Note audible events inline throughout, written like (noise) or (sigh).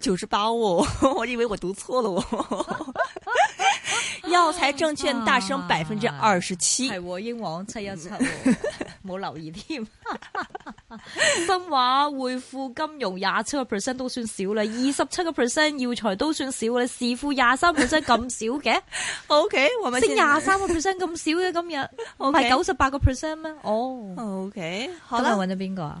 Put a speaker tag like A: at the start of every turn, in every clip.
A: 九十八哦，我以為我讀錯了哦。耀 (laughs) 才 (laughs) 證券大升百分之二十七。係英皇七一七，冇留意添。
B: 新
A: 華匯富金
B: 融廿七個 percent 都算少啦，二十七個 percent 耀才都算少啦，時富廿三 percent
A: 咁少嘅 (laughs) ？OK，係咪升廿三個 percent 咁少嘅今日，唔係九十八個 percent 咩？哦、oh,，OK，好啦。今日搵咗邊個啊？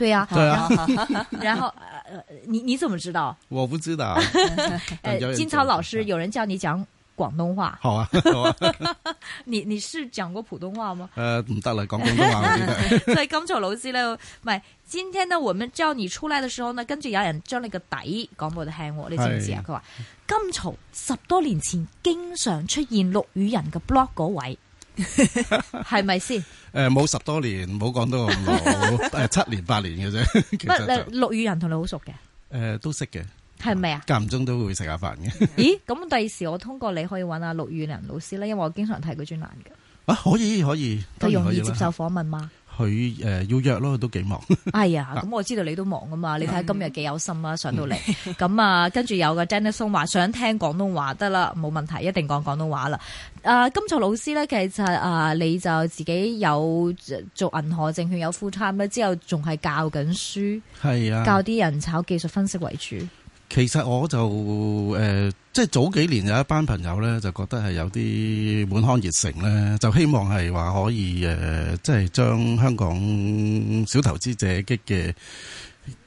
B: 對呀、啊，對啊，好好好好，然後， (laughs) 呃你你怎麼知道？
C: 我不知道。 (laughs) 呃、知道金曹老
B: 師， (laughs) 有人叫你講廣東話 (laughs) 好、啊，好啊， (laughs) 你你是講過普通話嗎？
C: 呃唔得啦，講廣東話。
B: (laughs) (laughs) 所以金曹老師咧，唔係今天呢，我們叫你出來的時候呢，跟住有人將你個底講俾我聽，你知唔知啊？佢話金曹十多年前經常出現落語人嘅 blog 嗰位。係咪先？
C: 誒、呃，冇十多年，冇講到咁老誒， (laughs) 七年八年嘅啫。乜、就是？
B: 陸羽仁同你好熟嘅？
C: 誒、呃，都識嘅。係咪啊？間唔中都會食下飯嘅。
B: (laughs) 咦？咁第時我通過你可以揾阿陸羽仁老師咧，因為我經常睇佢專欄嘅。
C: 啊，可以，可以，佢容易接受訪問嗎？佢誒、呃、要約咯，都幾忙。
B: 哎呀，咁我知道你都忙㗎嘛，啊、你睇下今日幾有心啊，上到嚟咁、嗯、 (laughs) 啊，跟住有個 Jonathan 話想聽廣東話，得啦，冇問題，一定講廣東話啦。啊，金曹老師咧，其實啊，你就自己有做銀行證券有 full time，之後仲係教緊書，
C: 係啊，教
B: 啲人炒技術分析為主。
C: 其實我就誒、呃，即係早幾年有一班朋友咧，就覺得係有啲滿腔熱誠咧，就希望係話可以誒、呃，即係將香港小投資者嘅嘅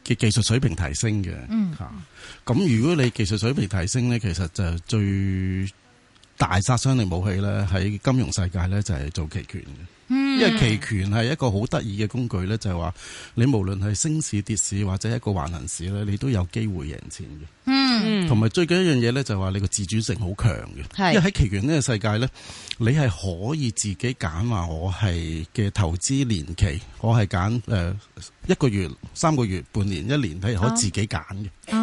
C: 技術水平提升嘅。嗯，咁、啊、如果你技術水平提升咧，其實就最大殺傷力武器咧，喺金融世界咧就係、是、做期權嘅。因為期權係一個好得意嘅工具咧，就係話你無論係升市跌市或者一個橫行市咧，你都有機會贏錢嘅。
B: 嗯，同
C: 埋最緊一樣嘢咧，就係話你個自主性好強嘅。係，因為喺期權呢個世界咧，你係可以自己揀話我係嘅投資年期，我係揀誒一個月、三個月、半年、一年，係可以自己揀嘅。啊
B: 啊。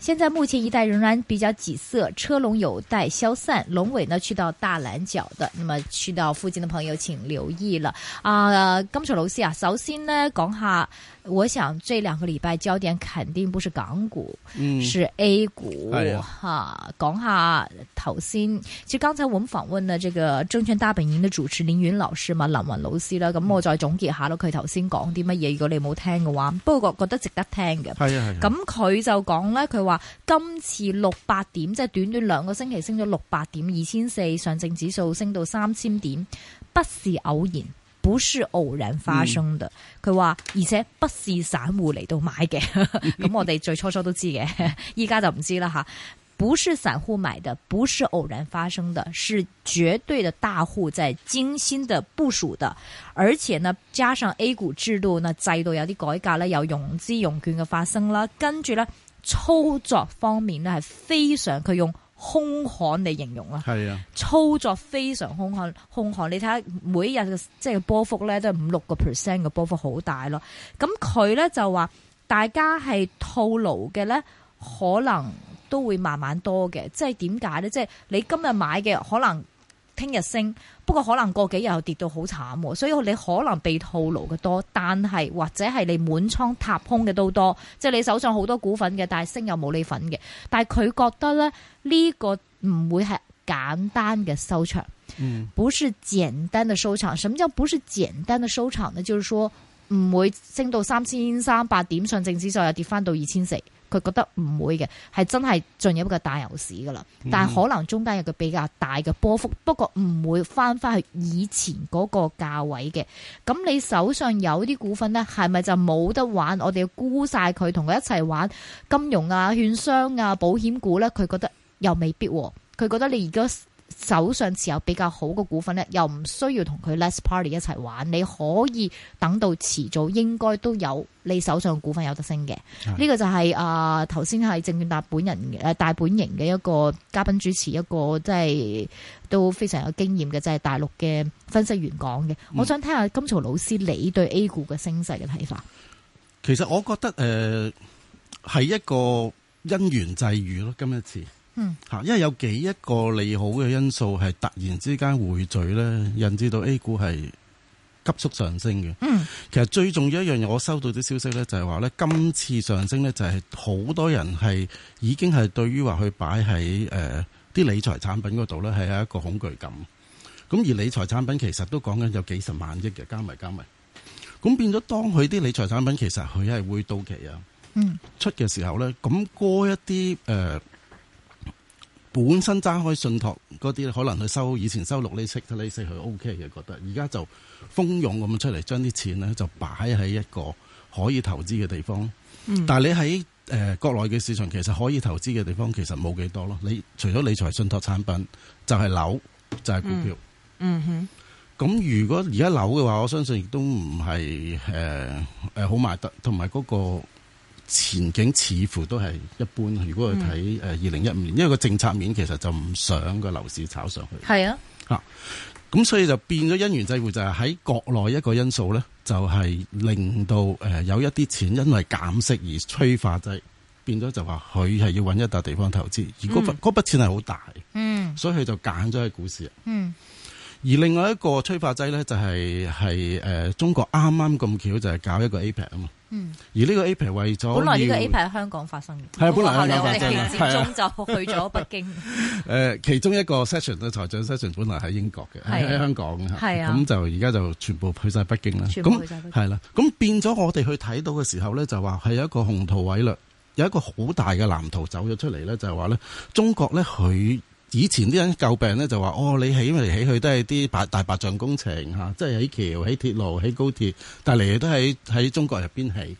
B: 現在目前一帶仍然比較擠塞，車龍有待消散，龍尾呢去到大欖角的。那麼去到附近的朋友請留意了。啊、呃，金曹老師啊，首先呢講下，我想這兩個禮拜焦點肯定不是港股，嗯、是 A 股，哈、嗯、講下頭先，其實剛才我們訪問呢這個證券大本營的主持林雲老師嘛，林雲老師啦，咁我再總結下咯，佢頭先講啲乜嘢，如果你冇聽嘅話，不過覺得值得聽嘅，係啊係，咁佢就講咧，佢話。今次六百點，即係短短兩個星期升咗六百點，二千四上證指數升到三千點，不是偶然，不是偶然發生的。佢、嗯、話而且不是散戶嚟到買嘅，咁我哋最初初都知嘅，依家就唔知啦吓。不是散戶買的，不是偶然發生的是絕對的大戶在、就是、精心的部署的，而且呢加上 A 股制度嗱制度有啲改革用用的呢，有融資融券嘅發生啦，跟住呢。操作方面咧，係非常佢用兇悍嚟形容啦。係啊，操作非常兇悍，兇悍。你睇下每一日嘅即係波幅咧，都係五六個 percent 嘅波幅，好大咯。咁佢咧就話，大家係套牢嘅咧，可能都會慢慢多嘅。即係點解咧？即係你今日買嘅可能。聽日升，不過可能過幾日又跌到好慘，所以你可能被套牢嘅多，但係或者係你滿倉踏空嘅都多，即係你手上好多股份嘅，但係升又冇你份嘅。但係佢覺得咧呢個唔會係簡單嘅收場，嗯，不是簡單的收場、嗯。什麼叫不是簡單的收場呢？就是說唔會升到三千三百點上證指數又跌翻到二千四。佢覺得唔會嘅，係真係進入一個大牛市㗎喇，但係可能中間有個比較大嘅波幅，不過唔會返返去以前嗰個價位嘅。咁你手上有啲股份呢，係咪就冇得玩？我哋要沽晒佢，同佢一齊玩金融啊、券商啊、保險股呢，佢覺得又未必喎，佢覺得你而家，手上持有比較好嘅股份咧，又唔需要同佢 less party 一齊玩，你可以等到遲早應該都有你手上的股份有得升嘅。呢個就係啊頭先係證券大本人誒、呃、大本營嘅一個嘉賓主持，一個即係都非常有經驗嘅，即係大陸嘅分析員講嘅。嗯、我想聽下金曹老師你對 A 股嘅升勢嘅睇法。
C: 其實我覺得誒係、呃、一個因緣際遇咯，今一次。嗯，吓，因為有幾一個利好嘅因素係突然之間匯聚咧，引致到 A 股係急速上升嘅。嗯，其實最重要的一樣嘢，我收到啲消息咧，就係話咧，今次上升咧，就係好多人係已經係對於話去擺喺誒啲理財產品嗰度咧，係有一個恐懼感。咁而理財產品其實都講緊有幾十萬億嘅，加埋加埋。咁變咗當佢啲理財產品其實佢係會到期啊，嗯，出嘅時候咧，咁嗰一啲誒。本身揸開信託嗰啲，可能佢收以前收六厘息、七厘息，OK，佢 O K 嘅覺得。而家就蜂擁咁出嚟，將啲錢咧就擺喺一個可以投資嘅地方。嗯、但係你喺誒、呃、國內嘅市場，其實可以投資嘅地方其實冇幾多咯。你除咗理財信託產品，就係、是、樓，就係、是、股票。
A: 嗯、
C: 嗯哼。咁如果而家樓嘅話，我相信亦都唔係誒好賣得，同埋嗰個。前景似乎都係一般，如果去睇誒二零一五年，因為個政策面其實就唔想個樓市炒上去。係啊，嗱、啊，咁所以就變咗因緣際會，就係喺國內一個因素咧，就係令到誒有一啲錢因為減息而催化劑，變咗就話佢係要揾一笪地方投資。而果嗰筆錢係好大，嗯，所以佢就揀咗喺股市。嗯。而另外一個催化劑咧，就係係誒中國啱啱咁巧就係搞一個 a p e c 啊嘛。嗯。而呢個 a p e c 為咗本來呢個 a p e c 喺香港發生嘅，係啊，本來，是本來是我哋中就去咗北京。誒， (laughs) 其中一個 session 嘅財政 session 本來喺英國嘅，喺香港嘅，係啊。咁就而家就全部去晒北京啦。全部啦。咁變咗我哋去睇到嘅時候咧，就話係有一個紅圖位啦，有一個好大嘅藍圖走咗出嚟咧，就係話咧中國咧佢。以前啲人詬病咧就話，哦，你起嚟起去都係啲白大白象工程吓，即係起橋、起鐵路、起高鐵，但係嚟嘅都喺喺中國入邊起，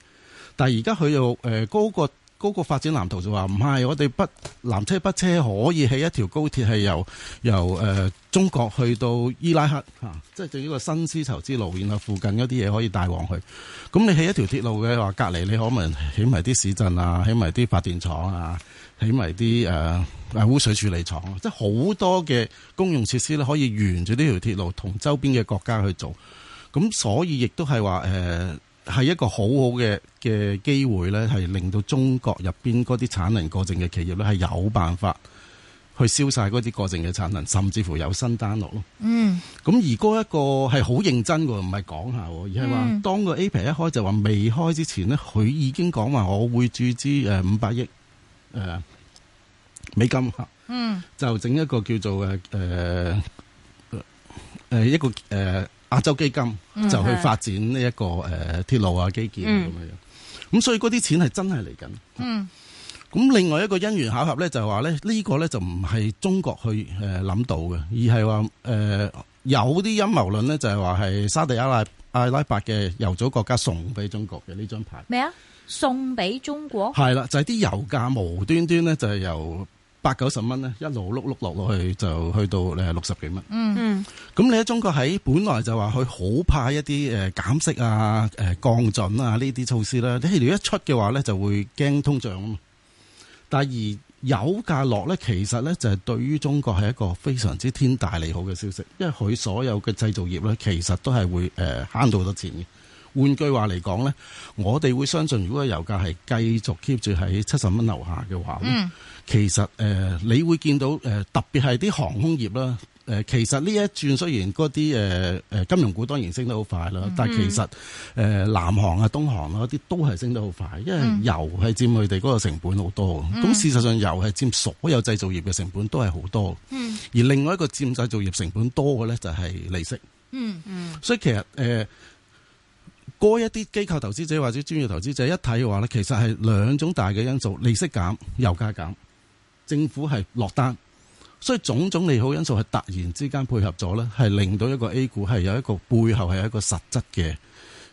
C: 但係而家佢又誒、呃、高過。嗰個發展藍圖就話唔係，我哋不南車北車可以起一條高鐵係由由誒、呃、中國去到伊拉克，啊、即係對於個新絲綢之路，然後附近嗰啲嘢可以帶往去。咁你起一條鐵路嘅話，隔籬你可能起埋啲市鎮啊，起埋啲發電廠啊，起埋啲誒污水處理廠，即係好多嘅公用設施咧，可以沿住呢條鐵路同周邊嘅國家去做。咁所以亦都係話誒。呃係一個好好嘅嘅機會咧，係令到中國入邊嗰啲產能過剩嘅企業咧，係有辦法去消晒嗰啲過剩嘅產能，甚至乎有新單落咯。嗯，咁而嗰一個係好認真嘅，唔係講下，而係話、嗯、當個 A 期一開就話未開之前呢，佢已經講話我會注資誒五百億誒美金。嗯，就整一個叫做誒誒誒一個誒。呃亞洲基金、嗯、就去發展呢、呢、一個誒、呃、鐵路啊、基建咁、嗯、樣，咁所以嗰啲錢係真係嚟緊。咁、嗯嗯、另外一個因緣巧合咧，呢個、就係話咧呢個咧就唔係中國去誒諗到嘅，而係話誒有啲陰謀論咧就係話係沙地阿拉伯阿拉伯嘅油組國家送俾中國嘅呢張牌。
B: 咩啊？送俾中國？係啦，就係、係、啲油
C: 價無端端咧就係由，八九十蚊咧，一路碌碌落落去，就去到你係六十幾蚊。嗯嗯，咁你喺中國喺本來就話佢好怕一啲誒減息啊、誒降準啊呢啲措施啦，你係如果一出嘅話咧，就會驚通脹啊。但係而油價落咧，其實咧就係對於中國係一個非常之天大利好嘅消息，因為佢所有嘅製造業咧，其實都係會誒慳到好多錢嘅。換句話嚟講咧，我哋會相信，如果個油價係繼續 keep 住喺七十蚊樓下嘅話、嗯、其實誒、呃，你會見到誒、呃，特別係啲航空業啦、呃，其實呢一轉雖然嗰啲誒金融股當然升得好快啦、嗯，但係其實誒、呃、南航啊、東航啊嗰啲都係升得好快，因為油係佔佢哋嗰個成本好多咁、嗯、事實上，油係佔所有製造業嘅成本都係好多。嗯。而另外一個佔製造業成本多嘅咧，就係利息。嗯嗯。所以其實誒。呃嗰一啲機構投資者或者專業投資者一睇嘅話咧，其實係兩種大嘅因素，利息減、油價減，政府係落單，所以種種利好因素係突然之間配合咗咧，係令到一個 A 股係有一個背後係有一個實質嘅誒、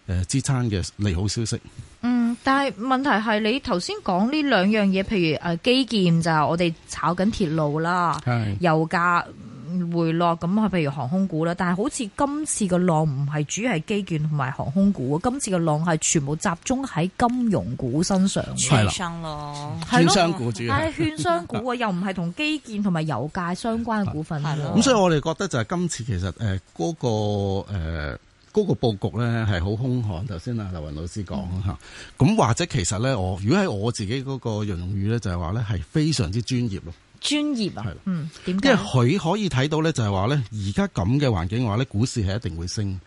C: 呃、支撐嘅利好消息。嗯，
B: 但係問題係你頭先講呢兩樣嘢，譬如基建就係我哋炒緊鐵路啦，油價回落咁啊，譬如航空股啦，但係好似今次嘅浪唔係主要係基建同埋航空股，今次嘅浪係全部集中喺金融股身上。券商咯，券商股主要，但係券商股 (laughs) 又唔係同基建同埋油價相關嘅股份咯。咁所以我
C: 哋覺得就係今次其實誒嗰、呃那個誒、呃那個布局咧係好凶悍。頭先阿劉云老師講吓，咁、嗯、或者其實咧我如果喺我自己嗰個用語咧就係話咧係非常之專業咯。專業啊，嗯，點解？
B: 因為佢
C: 可以睇到咧，就係話咧，而家咁嘅環境嘅話咧，股市係一定會升，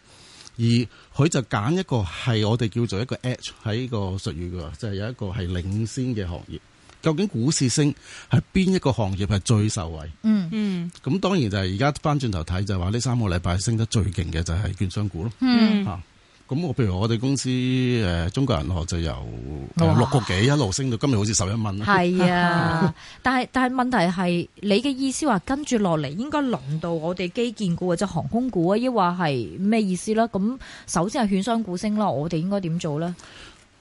C: 而佢就揀一個係我哋叫做一個 edge 喺呢個術語嘅，就係、是、有一個係領先嘅行業。究竟股市升係邊一個行業係最受惠？嗯嗯，咁當然就係而家翻轉頭睇，就係話呢三個禮拜升得最勁嘅就係券商股咯。嗯，吓、嗯。咁我譬如我哋公司誒中國銀行就由六個幾一路升到今日好似十一蚊啦。係啊，
B: 但係但係問題係你嘅意思話跟住落嚟應該輪到我哋基建股或者航空股啊？抑或係咩意思啦？咁首先係券商股升啦，我哋應該點做咧？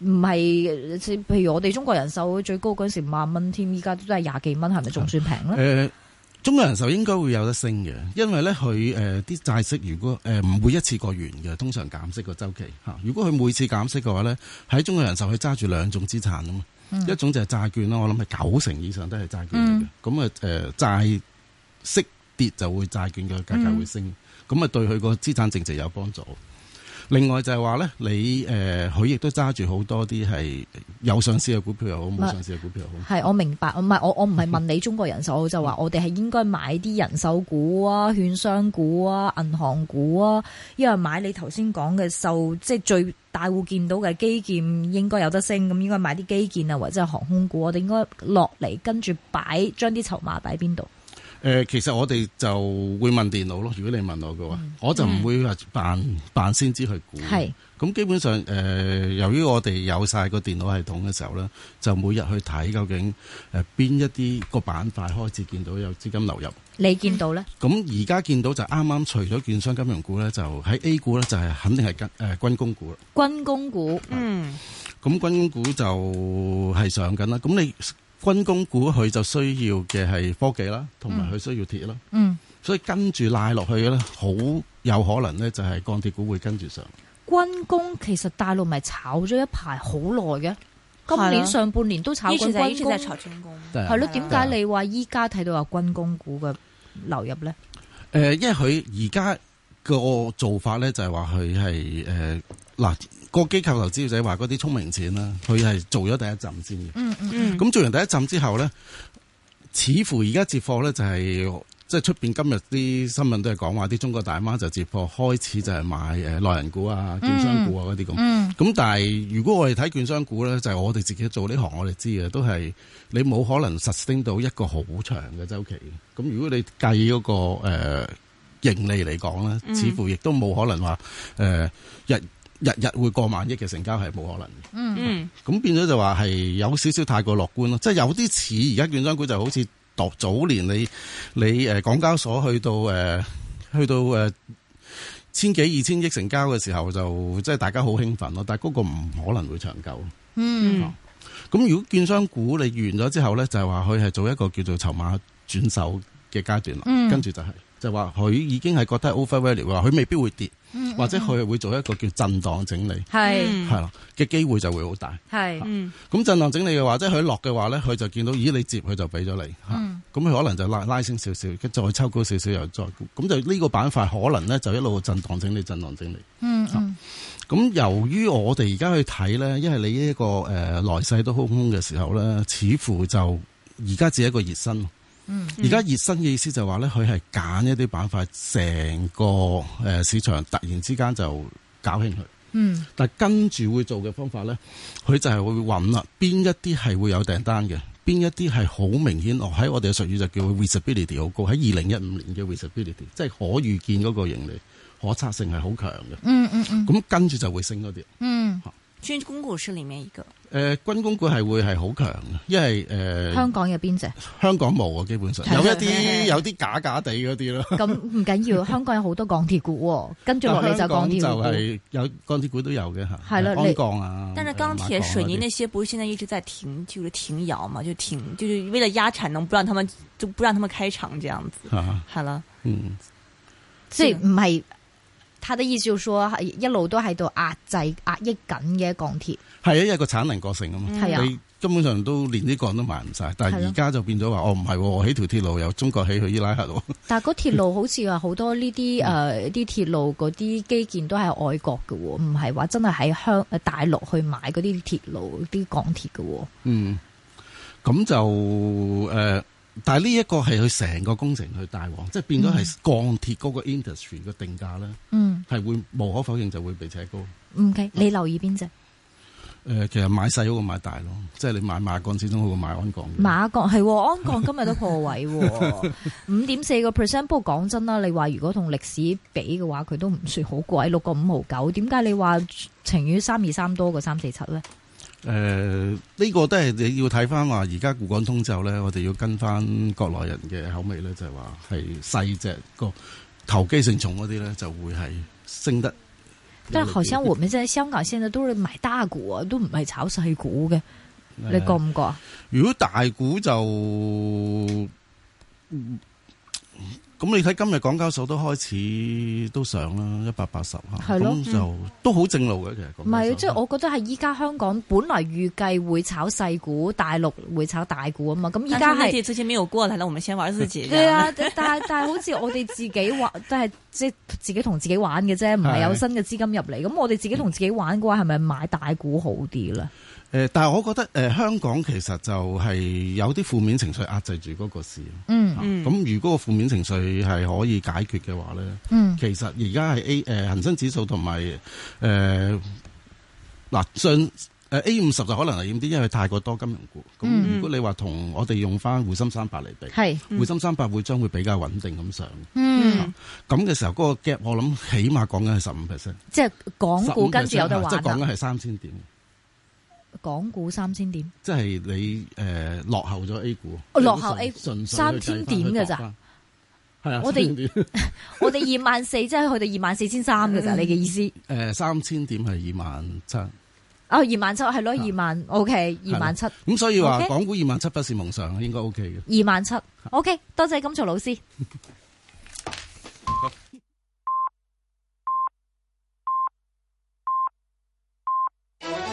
B: 唔係，譬如我哋中國人壽最高嗰時五萬蚊添，依家都係廿幾蚊，係咪仲算平咧？
C: 中國人壽應該會有得升嘅，因為咧佢誒啲債息如果誒唔、呃、會一次過完嘅，通常減息個周期嚇。如果佢每次減息嘅話咧，喺中國人壽佢揸住兩種資產啊嘛、嗯，一種就係債券啦。我諗係九成以上都係債券嚟嘅。咁啊誒債息跌就會債券嘅價格會升，咁、嗯、啊對佢個資產淨值有幫助。另外就係話咧，你誒佢亦都揸住好多啲係有上市嘅股票又好，冇上市嘅股票又好。係，
B: 我明白，唔係我我唔係問你中國人壽， (laughs) 就話我哋係應該買啲人壽股啊、券商股啊、銀行股啊，因為買你頭先講嘅受即係最大戶見到嘅基建應該有得升，咁應該買啲基建啊或者係航空股，我哋應該落嚟跟住擺將啲籌碼擺喺邊度？
C: 誒、呃，其實我哋就會問電腦咯。如果你問我嘅話，嗯，我就唔會話扮扮、嗯、先知去估。係咁，基本上誒、呃，由於我哋有晒個電腦系統嘅時候咧，就每日去睇究竟誒邊一啲個板塊開始見到有資金流入，
B: 你見到咧？
C: 咁而家見到就啱啱除咗券商金融股咧，就喺 A 股咧就係肯定係跟誒、呃、軍工股啦。
B: 軍工股，嗯、
C: 咁、嗯、軍工股就係上緊啦。咁你？軍工股佢就需要嘅係科技啦，同埋佢需要鐵啦，嗯嗯，所以跟住拉落去嘅咧，好有可能咧就係鋼鐵股會跟住上。
B: 軍工其實大陸咪炒咗一排好耐嘅，啊、今年上半年都炒緊軍工。以前就係以前就係財
C: 政工，係咯？點解你
B: 話依家睇到有軍工股嘅流入咧？
C: 誒、呃，因為佢而家個做法咧就係話佢係誒拉。呃個機構投資者話：嗰啲聰明錢啦，佢係做咗第一陣先嘅。嗯嗯嗯。咁做完第一陣之後咧，似乎而家接貨咧就係即係出面今日啲新聞都係講話啲中國大媽就接貨開始就係買誒內人股啊、券商股啊嗯嗯、券商股啊嗰啲咁。咁但係如果我哋睇券商股咧，就係、我哋自己做呢行，我哋知嘅都係你冇可能實升到一個好長嘅周期。咁如果你計嗰、嗰個、呃、盈利嚟講咧，似乎亦都冇可能話誒、呃、日。日日會過萬億嘅成交係冇可能嘅，嗯嗯，咁變咗就話係有少少太過樂觀咯，即、就、係、是、有啲似而家券商股就是、好似度早年你你誒、呃、港交所去到誒、呃、去到誒、呃、千幾二千億成交嘅時候，就即係大家好興奮咯，但係嗰個唔可能會長久，嗯，咁、嗯、如果券商股你完咗之後咧，就係話佢係做一個叫做籌碼轉手嘅階段啦，嗯、跟住就係、是、就話、是、佢已經係覺得 overvalued，話佢未必會跌。或者佢會做一個叫震盪整理，係係啦嘅機會就會好大。係、嗯，咁震盪整理嘅話即係佢落嘅話咧，佢就見到，咦？你接佢就俾咗你，咁、嗯、佢可能就拉拉升少少，再抽高少少又再，咁就呢個板塊可能咧就一路震盪整理，震盪整理。咁、嗯嗯、由於我哋而家去睇咧，因為你呢、這、一個誒來勢都空空嘅時候咧，似乎就而家只係一個熱身。而家熱身嘅意思就係話咧，佢係揀一啲板塊，成個誒市場突然之間就搞興佢。嗯，但跟住會做嘅方法咧，佢就係會揾啦，邊一啲係會有訂單嘅，邊一啲係好明顯，在我喺我哋嘅術語就叫 visibility 好高，喺二零一五年嘅 visibility，即係可預見嗰個盈利可測性係好強嘅。嗯嗯嗯，咁跟住就會升嗰啲。嗯，
A: 軍工股是裏面一個。
C: 誒、呃，軍工股係會係好強，因為誒、呃，香港有邊隻？香港冇啊，基本上有一啲有啲假假地嗰啲咯。咁
A: 唔
B: 緊要，香港有好多鋼鐵股、哦、 (laughs) 股，跟住落嚟就鋼鐵股。香港就係
C: 有鋼鐵股都有嘅吓。係咯、嗯啊，你鋼啊？但是鋼鐵水泥那
A: 些不是現在一直在停就是停窑嘛，就停就是為了壓產能，不讓他們就不讓他們開廠這樣子。啊、好啦嗯，即係唔係。他的意思就係一路都喺度壓制、壓
B: 抑緊嘅鋼鐵。
C: 係啊，因為個產能過剩啊嘛、嗯，你根本上都連呢個都賣唔晒，但係而家就變咗話，哦唔係，我起條鐵路由中國起去伊拉克度。
B: 但係嗰鐵路 (laughs) 好似話好多呢啲誒啲鐵路嗰啲基建都係外國嘅喎，唔係話真係喺香誒大陸去買嗰啲鐵路啲鋼鐵嘅喎。
C: 嗯，咁就誒。呃但係呢一個係佢成個工程去大旺，即係變咗係鋼鐵嗰個 industry 個定價咧，係、嗯、會無可否認就會被扯高。OK，、
B: 嗯嗯、你留意邊隻？
C: 誒、呃，其實買細嗰個買大咯，即係你買馬鋼始終好過買鞍鋼。
B: 馬鋼係鞍鋼今日都破位，哦，五點四個 percent。不過講真啦，你話如果同歷史比嘅話，佢都唔算好貴，六個五毫九。點解你話情願三二三多過三四七咧？
C: 誒、呃、呢、這個都係你要睇返話，而家滬港通之後咧，我哋要跟返國內人嘅口味咧，就係話係細隻個投機性重嗰啲咧，就會係升得。但係好像我
B: 們在香港現在都係買大股啊，都唔係炒細股嘅，
C: 你覺唔覺啊、呃？如果大股就。嗯咁你睇今日港交所都開始都上啦，一百八十下，咁、嗯、就都好正路嘅其實。
B: 唔係啊，即係我覺得係依家香港本來預計會炒細股，大陸會炒大股
A: 啊嘛。咁依家係。即係前咩股啊？睇到五千先都蝕錢。係 (laughs) 啊，
B: 但係但係好似我哋自己玩 (laughs) 都係即係自己同自己玩嘅啫，唔係有新嘅資金入嚟。咁我哋自己同自己玩嘅話，係咪買大股好啲啦？
C: 誒、呃，但係我覺得，誒、呃、香港其實就係有啲負面情緒壓制住嗰個市。嗯嗯。咁、啊、如果個負面情緒係可以解決嘅話咧，嗯，其實而家係 A 誒、呃、恒生指數同埋誒嗱上 A 五十就可能危險啲，因為太過多金融股。咁、嗯、如果你話同我哋用翻滬深三百嚟比，係滬深三百會將會比較穩定咁上。嗯。咁、啊、嘅時候，嗰個 gap 我諗起碼講緊係十五 percent。
B: 即係港股跟住有得玩。即係講緊
C: 係三千點。嗯。
B: 港股三千點，
C: 即係你誒、呃、落後咗 A 股，哦，落後 A 三千點嘅咋？係啊，我哋
B: (laughs) 我哋二萬四，即係去到二萬四千三嘅咋？你嘅意思？
C: 誒、嗯呃，三千點係二萬七，
B: 哦，二萬七係咯，二萬，OK，二萬七。咁所以話港
C: 股二萬七不是夢想，okay？應該 OK 嘅。
B: 二萬七，OK，多謝金曹老師。 (laughs)